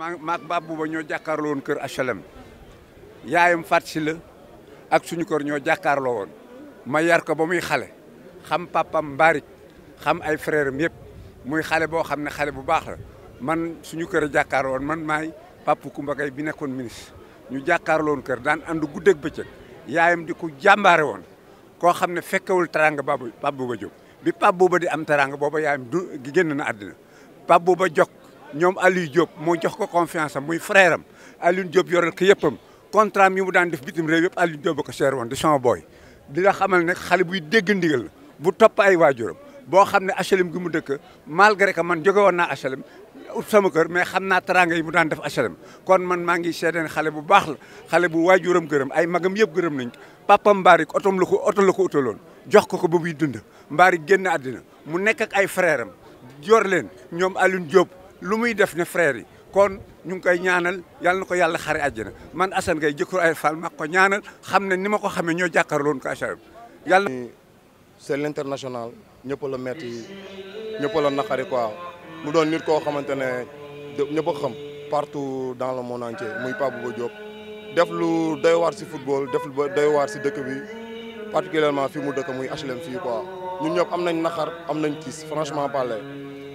maa maag Pape Bouba ñoo jàkkaarloo woon kër HLM yaayam Fatou si la ak suñu kër ñoo jàkkaarloo woon ma yar ko ba muy xale xam papam mbaarik xam ay frère am yëpp muy xale boo xam ne xale bu baax la man suñu kër a jàkkaarloo woon man maay Pape Koumba Gaye bi nekkoon ministre ñu jàkkaarloo woon kër daan ànd guddeeg bëccëg yaayam di ku jàmbaare woon koo xam ne fekkewul taranga Pape Bouba Diop bi Pape Bouba di am taranga booba yaayam du génn na àddina Pape ñoom Aliou Diop moo jox ko confiance am muy frère am Aliou Diop yoral ko yëppam contrat mi mu daan def bitim réew yëpp Aliou Diop ba ko seer woon di sama booy di la xamal ne xale buy dégg ndigal la bu topp ay waajuram boo xam ne HLM gi mu dëkk malgré que man jóge woon naa HLM ut sama kër mais xam naa teraanga yi mu daan def HLM kon man maa ngi seedeen xale bu baax la xale bu waajuram gërëm ay magam yëpp gërëm nañ papam mbaari otom la ko oto la ko utaloon jox ko ko ba muy dund mbaari génn àddina mu nekk ak ay frère am leen ñoom Aliou Diop lu muy def ne frère yi kon ñu ngi koy ñaanal yalla nako yalla xari aljana man Assane ngay jëkkër ay fal maa ko ñaanal xamne ne ni ma ko xamee ñoo jàkkaarloon ko HLM yalla c'est l'international ñepp la metti ñepp la naqari quoi mu doon nit ko xamantene ñepp xam partout dans le monde entier muy def lu doy war ci football def lu doy war ci dëkk bi particulièrement fi mu dëkk muy HLM fi quoi ñun ñop am nañ am nañ kiss franchement parler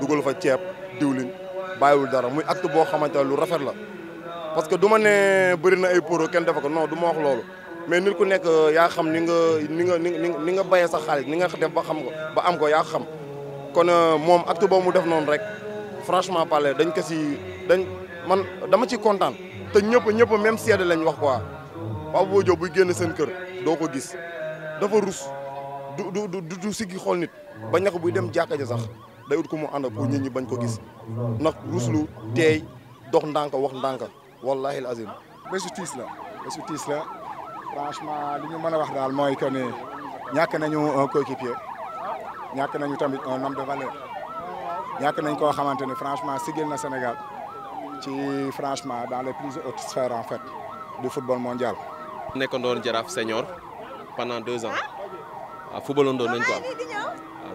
dugal fa ceeb diwlin bàyyiwul dara muy acte boo xamante ne lu rafet la parce que du ma ne bëri na ay poro kenn defe ko non du ma wax loolu mais nit ku nekk euh, yaa xam ni nga ni nga ni nga bayee sa xaalis ni nga def ba xam ko ba am ko yaa xam kon euh, moom acte boobu mu def noonu rek franchement parler dañ ko si dañ man dama ci kontaan te ñëpp ñëpp même seede lañ wax quoi Papa Bouba Diop buy génn seen kër doo ko gis dafa rus du du siggi xool nit ba ñax buy dem jàkka sax day ut ko mu ànd pour nit ñi bañ ko gis ndax ruslu teey dox ndànk wax ndànk wallahi azim bésu la bésu tiis la franchement li ñu mën a wax daal mooy que ne ñàkk nañu un coéquipier ñàkk nañu tamit un homme de valeur ñàkk nañ ko xamante ne franchement sigil na Sénégal ci franchement dans les plus hautes sphères en fait du football mondial. nekkoon doon jaraaf senior pendant deux ans waaw ah, footballoon doon nañ ko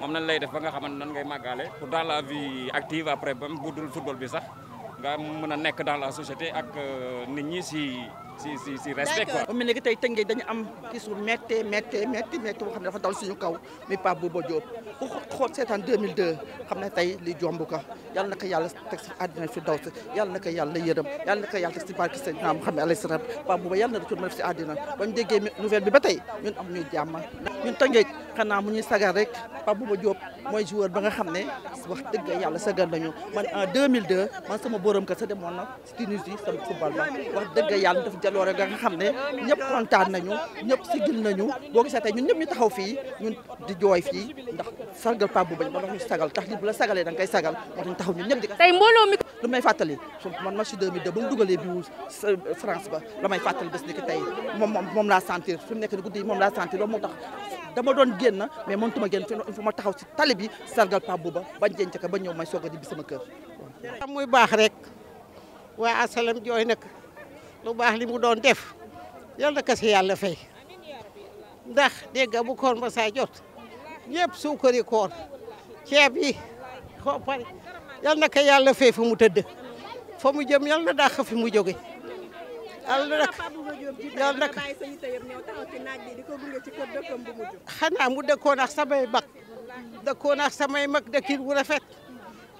moom nan lay def ba nga xamante nan ngay màggaale pour dans la vie active après bu dul guddul football bi sax nga mën a nekk dans la société ak euh, nit ñi si si si si respect quoi. mu mel ni que tey Tëngéej dañu am gis bu méttee méttee métti métti boo ne dafa dal si ma def si àddina ba ñu déggee nouvelle bi ba tey ñun am ñuy jàmm ñun Tëngéej xanaa man sama borom ka sa demoon na si Tunisie sama football ba wax dëgg yàlla jaloore ga nga xam ne ñëpp kontaan nañu ñëpp sigil nañu boo gisee tey ñun ñëpp ñu taxaw fii ñun di jooy fii ndax sargal Pape ba moo tax ñu sagal tax nit bu la sagalee da nga koy sagal moo tax ñu taxaw ñun ñëpp di ko tey mbooloo may fàttali man match 2002 ba mu dugalee biwu France ba la may fàttali bés ni ki tey moom moom moom laa sentir fi mu nekk ni guddi yi moom laa sentir loolu moo tax dama doon génn mais mënatuma génn fi ma taxaw si tali bi sargal Pape Bouba bañ jenc ka ba ñëw may soog a ma sama kër muy baax rek waa asalam jooy lu baax li mu doon def yal na kese yàlla fay ndax dégg bu koor ma saa jot ñëpp suukari koor ceeb yi xoo yal na ko yàlla fay fa mu tëdd fa mu jëm yal na dàq fi mu jóge yàlla nag yàlla nag xanaa mu dëkkoon samay mag dëkkoon ak samay rafet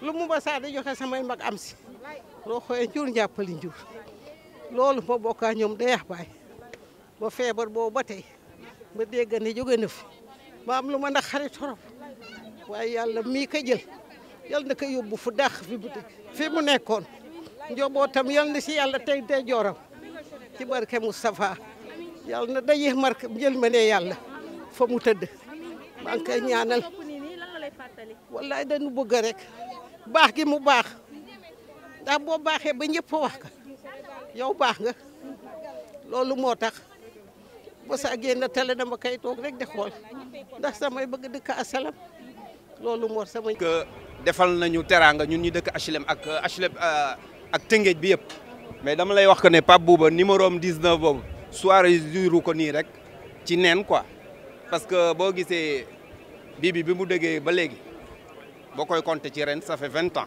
lu mu ma saa di joxe samay mag am si loo xoolee njur njàppali loolu ma bokkaa ñoom dayax baay ba feebar boobu ba tey ba dégg ne jóge na fi ma am lu ma ndax xarit torop waaye yàlla mii ka jël yal na ko yóbbu fu dàq fi bu fi mu nekkoon njobootam yal na si yàlla tey day jooram ci barke Moustapha yal na daje marke jël ma ne yàlla fa mu tëdd maa ngi koy ñaanal wallaay dañu bëgg rek baax gi mu baax ndax boo baaxee ba ñëpp wax ka yow baax nga loolu moo tax ba sa génn na dama kay toog rek di xool ndax samay bëgg dëkk asalam loolu moo sama. que defal nañu teraanga ñun ñu dëkk HLM ak HLM euh, euh, ak Tëngéej bi yëpp mais dama lay wax que ne Pape Bouba numéro am 19 boobu soirée juru ko nii rek ci neen quoi parce que boo gisee bii bi bi mu déggee ba léegi boo koy compter ci ren ça fait vingt ans.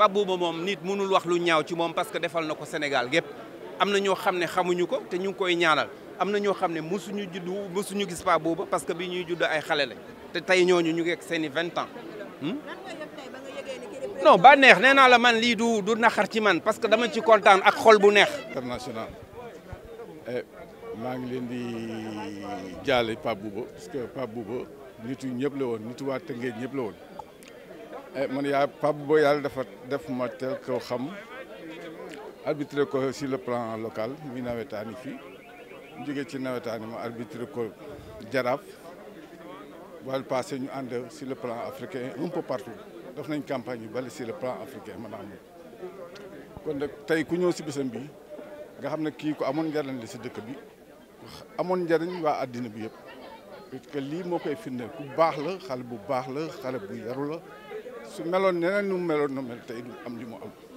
Pape Bouba moom nit mënul wax lu ñaaw ci moom parce que defal na ko Sénégal gépp am na ñoo xam ne xamuñu ko te ñu ngi koy ñaanal am na ñoo xam ne mosuñu juddu mosuñu gis Pape Bouba parce que bii ñuy judd ay xale lañ te tey ñooñu ñu ngi seeni vingt ans. Hmm? non ba neex nee naa la man lii du du naxar ci man parce que dama ci kontaan ak xol bu neex. international eh, maa ngi leen di jaale Pape Bouba parce que Pape Bouba nitu ñëpp le woon nitu waa Tëngéej ñëpp la woon. Eh, man yaa Pape boo yàlla dafa def ma tel ko xam arbitré ko sur le plan local muy nawetaani fii jóge ci nawetaani ma arbitré ko jaraaf wàllu passé ñu ànd si le plan africain un peu partout def nañ campagne yu bari si le plan africain maanaam kon nag tey ku ñëw si bisam bi nga xam ne kii ko amoon njariñ la si dëkk bi amoon njariñ waa àddina bi yëpp parce que lii moo koy firndeel ku baax la xale bu baax la xale bu yaru la su meloon neneen nu meloon no mel tey du am li mu am